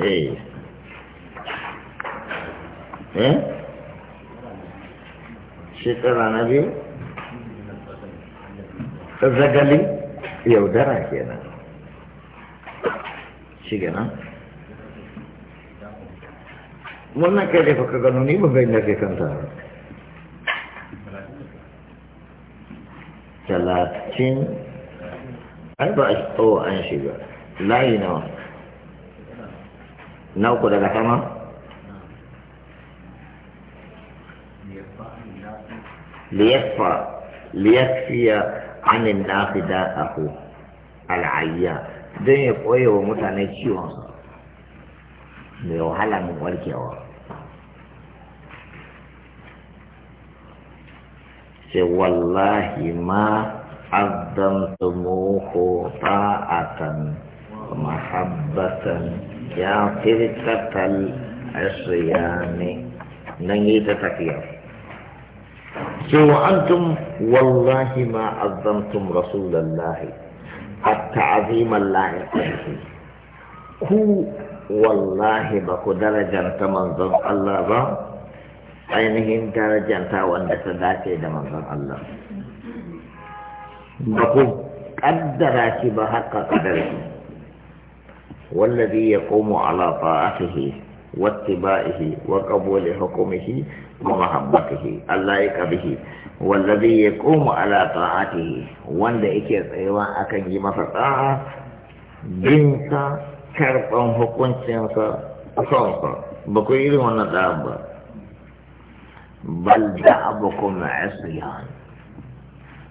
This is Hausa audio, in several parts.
eh eh shekara na biyu zagali yaudara kenan shi wannan kai da faka gano ni ba na kanta talatin ai ba a oh, shiga layi nawa na uku daga sama liyaffa liyaffiya anin nafi da'ahu al'ayya don ya koya wa mutane ciwon? mai wahala mun warkewa sai wallahi ma azzamtumuhu ta'atan mahabbatan ya tal asiyami nan yi ta tafiya cewa antum wallahi ma azzamtum rasulallahi hatta aziman lahi ku wallahi ba ku darajanta manzon Allah ba ainihin darajanta wanda ta dace da manzon Allah ba ku kaddara shi ba haka kadar shi والذي يقوم على طاعته واتباعه وقبول حكمه ومحبته اللائق به والذي يقوم على طاعته واند اكيس ايوا اكن جيما فتاعة جنسا كربا حكم سنسا صنسا بقير من دابا بل دعبكم عصيان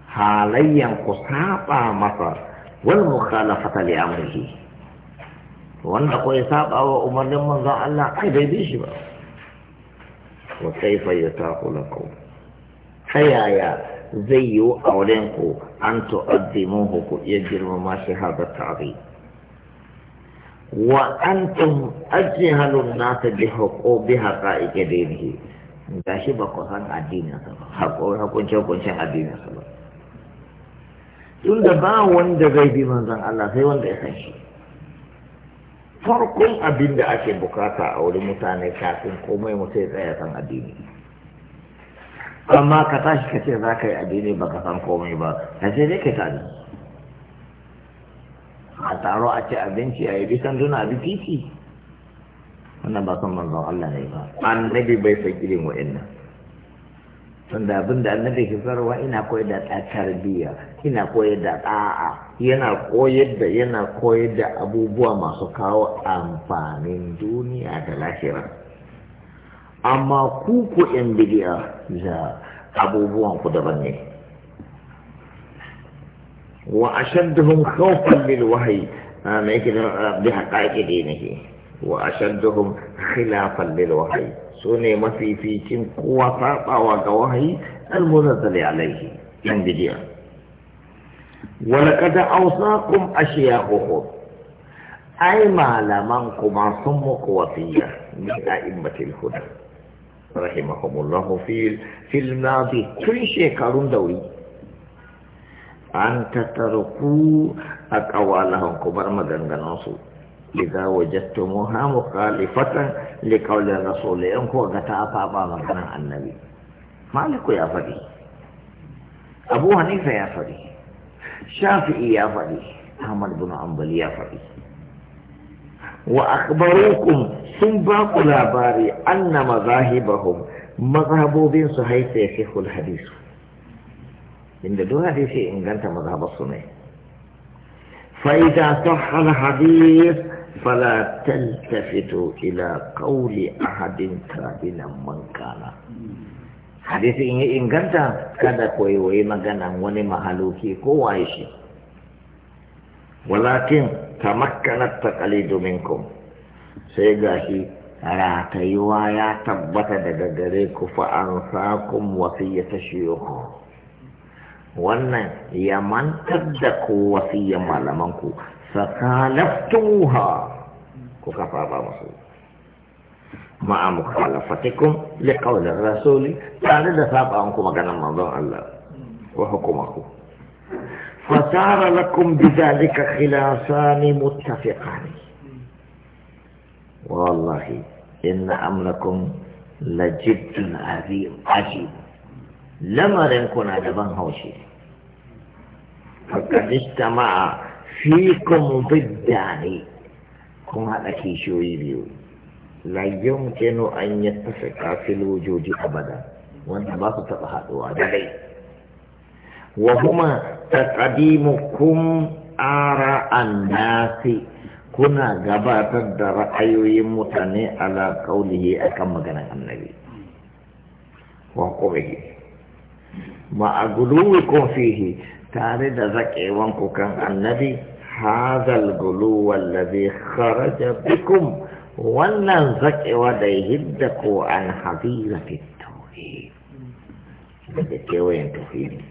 حاليا قصابا مصر والمخالفة لأمره wanda ko ya saba wa umarnin manzan Allah ai bai bi shi ba wa kaifa yataqu lakum ta yaya zai yi a wurin ku an tu'azzimuhu ku iya girmama shi da ta'zim wa antum ajhalun nas bi huquqi haqa'iqi dinihi shi ba ku san addinin sa ba haƙoƙin hukuncin addinin sa ba da ba wanda zai bi manzon Allah sai wanda ya san shi farkon abin da ake bukata a wurin mutane kafin komai mutum ya tsaya san addini amma ka tashi ka ce za ka yi addini ba ka san komai ba ka ce ne ka tare a taro a ce abinci a yi bisan duna bi titi wannan ba san manzon Allah ne ba annabi bai san irin wa'annan tunda abin da annabi ke farwa ina koyar da tarbiyya ina koyar da ɗa'a yana koyar da yana koyar da abubuwa masu kawo amfanin duniya da lahira amma ku ku yan bidiya da abubuwan ku daban ne wa ashadduhum khawfan lil wahyi ma yake da bi haqaiqi dinihi وأشدهم خلافا للوحي سوني ما في في كم قوة طاقة وقوهي المنزل عليه من ولقد أوصاكم أشياخكم أي ما لمنكم عصم قوتية من أئمة الهدى رحمهم الله في في الماضي كل شيء كارون دوي أن تتركوا أقوالهم كبر مدن إذا وجدتموها مخالفة لقول الرسول انكو غتا بابا النبي مالك يا فدي أبو حنيفة يا فدي شافعي يا فدي أحمد بن عمبل يا فدي وأخبروكم سنباق باري أن مذاهبهم مذهبوا بين صحيح يصح الحديث من دون حديث إن كانت مذهب الصنع فإذا صح الحديث فلا تلتفت إلى قول أحد كائنا من Mankana. hadisi in ya inganta kada koyi magana wani mahaluki ko waye shi walakin tamakkanat taqalidu minkum sai gashi ratayuwa ya tabbata daga gare ku fa an sakum wasiyata shuyukh wannan ya mantar da ku wasiyan malaman فخالفتموها وكفى رسول مع مخالفتكم لقول الرسول تعالى سابع عنكم كان موضوع الله وحكمكم فصار لكم بذلك خلافان متفقان والله إن أمركم لجد عظيم عجيب لما رنكم على بن هوشي فقد اجتمع fikum biddani kun haɗa kishiyoyi biyu la yumkinu an yattafiqa fil wujudi abada wanda ba su taɓa haɗuwa da dai wa huma taqdimukum ara annasi kuna gabatar da ra'ayoyin mutane ala qawlihi akan maganar annabi wa qawlihi ma aguluwikum fihi tare da zaƙewan kan annabi hazal gulu wallazi kharaja bikum wannan zaƙewa da hidda ko an habira fi da kewayen tauhidi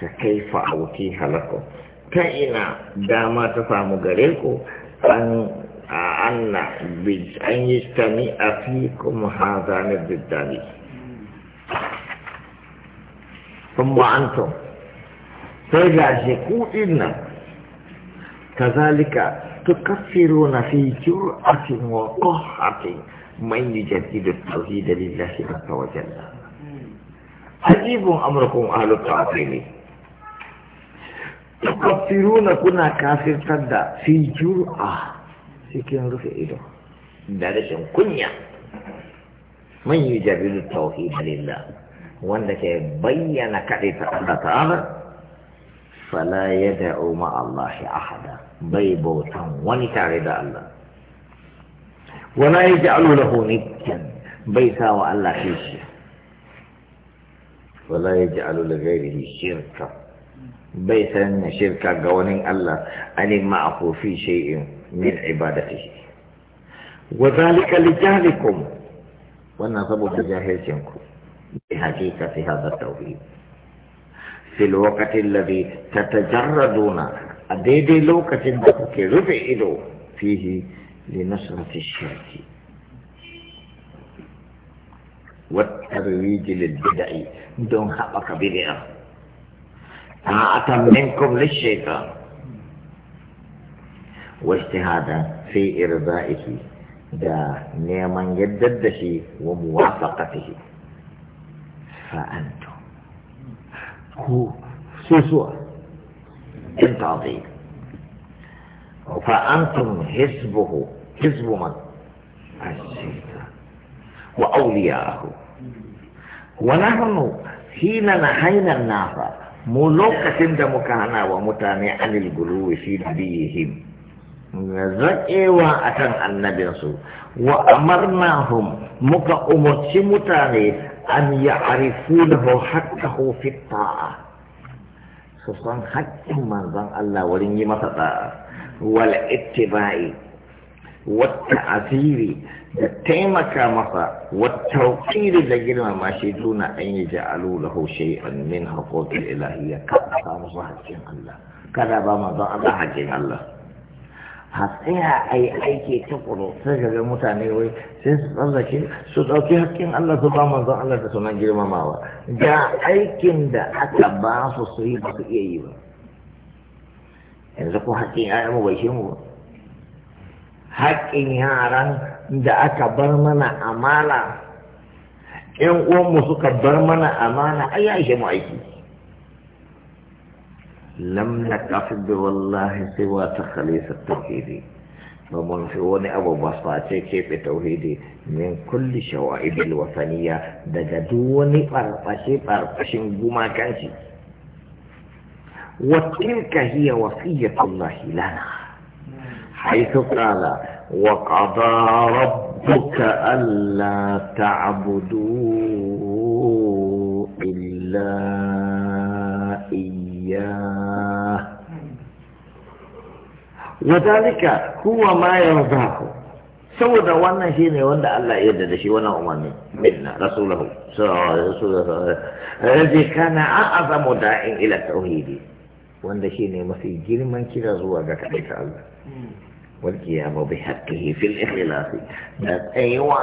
sa fa auki halaku ta ina dama ta samu gare ku an anna bi an yi tami a fi kuma hazani biddani sun ma'anto sai ga shi kuɗin nan a cikin wa kohati mai nijarki da tsauri da na ta kuna kafirtar da fi a cikin rufe ido da rashin kunya mai nijarki da wanda ke bayyana kaɗai ta Allah ta'ala fala ya da'u ma'allahi ahada bai bautan wani tare da Allah wala ya ja'alu lahu niddan bai sa wa Allah shi wala ya ja'alu li ghairihi shirka bai sanya shirka ga wani Allah ani ma'ahu fi shay'in min ibadatihi wa zalika li jahlikum wannan saboda jahilcinku الحقيقة هذا التوحيد في الوقت الذي تتجردون أديدي لوكة دقك رفع فيه لنصرة الشرك والترويج للبدع دون حقك بدعة طاعة منكم للشيطان واجتهادا في إرضائه دا نيما يدد شيء وموافقته فأنتم هو سوسوة انت عظيم فأنتم حزبه حزب من الشيطان وأولياءه ونحن حين نهينا الناس ملوكة دمكانا ومتاني عن الغلو في نبيهم zaƙewa a kan annabinsu wa amarnahum muka umarci mutane أن يعرفونه حقه في الطاعة سبحان حق من ظن الله ولن يمتطاع والاتباع والتعذير تيمك مصا والتوقير لجل ما شئتون أن يجعلوا له شيئا من حقوق الإلهية كأسا مصا الله كذا بما ظن الله حق الله hatsaya a yi aiki ta kuro sai ka ga mutane wai sai su tsallake su ɗauki hakkin Allah su ba manzon Allah da sunan girmamawa ga aikin da aka ba su su yi ba su iya yi ba yanzu ko hakkin mu bai shi mu ba hakkin yaran da aka bar mana amana ƴan uwanmu suka bar mana amana ai ya mu aiki لم نكف والله سوى تخليص التوحيد ومن أبو بصاتي كيف التوحيد من كل شوائب الوثنية دجدوني فرقشي فرقشي بما كانشي وتلك هي وصية الله لنا حيث قال وقضى ربك ألا تعبدوا إلا وذلك هو ما يرضاه سوى ذا وانا شيني وانا الله يدى دشي وانا اماني منا رسوله صلى الله عليه وسلم الذي كان اعظم داع الى التوحيد وانا شيني ما في جيل من كلا زوا قتا بك الله والقيام بحقه في الاخلاص ايوا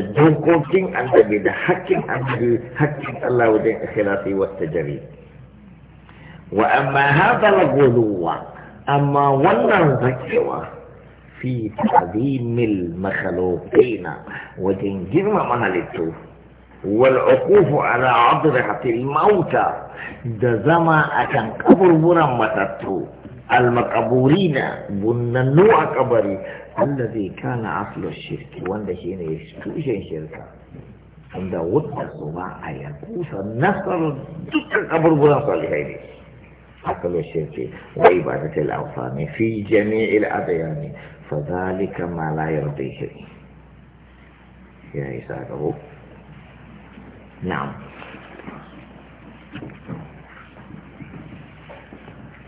دون كوكين انت بدا حقين انت حق الله ودين اخلاصي والتجريد واما هذا الغلوه أما ولن زكوا في تعظيم المخلوقين وتنجرم من لتو والعقوف على عضرحة الموتى دزما أكن قبر برم متتو المقبورين بننو قبري الذي كان أصل الشرك وان شين يشتوشن شركا عند ودى الصباح يقوس النصر دك قبر برم صالحين أكل الشرك وعبادة الأوثان في جميع الأديان فذلك ما لا يرضيه يا إساقه نعم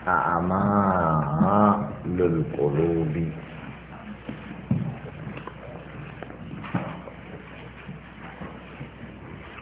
أعمال القلوب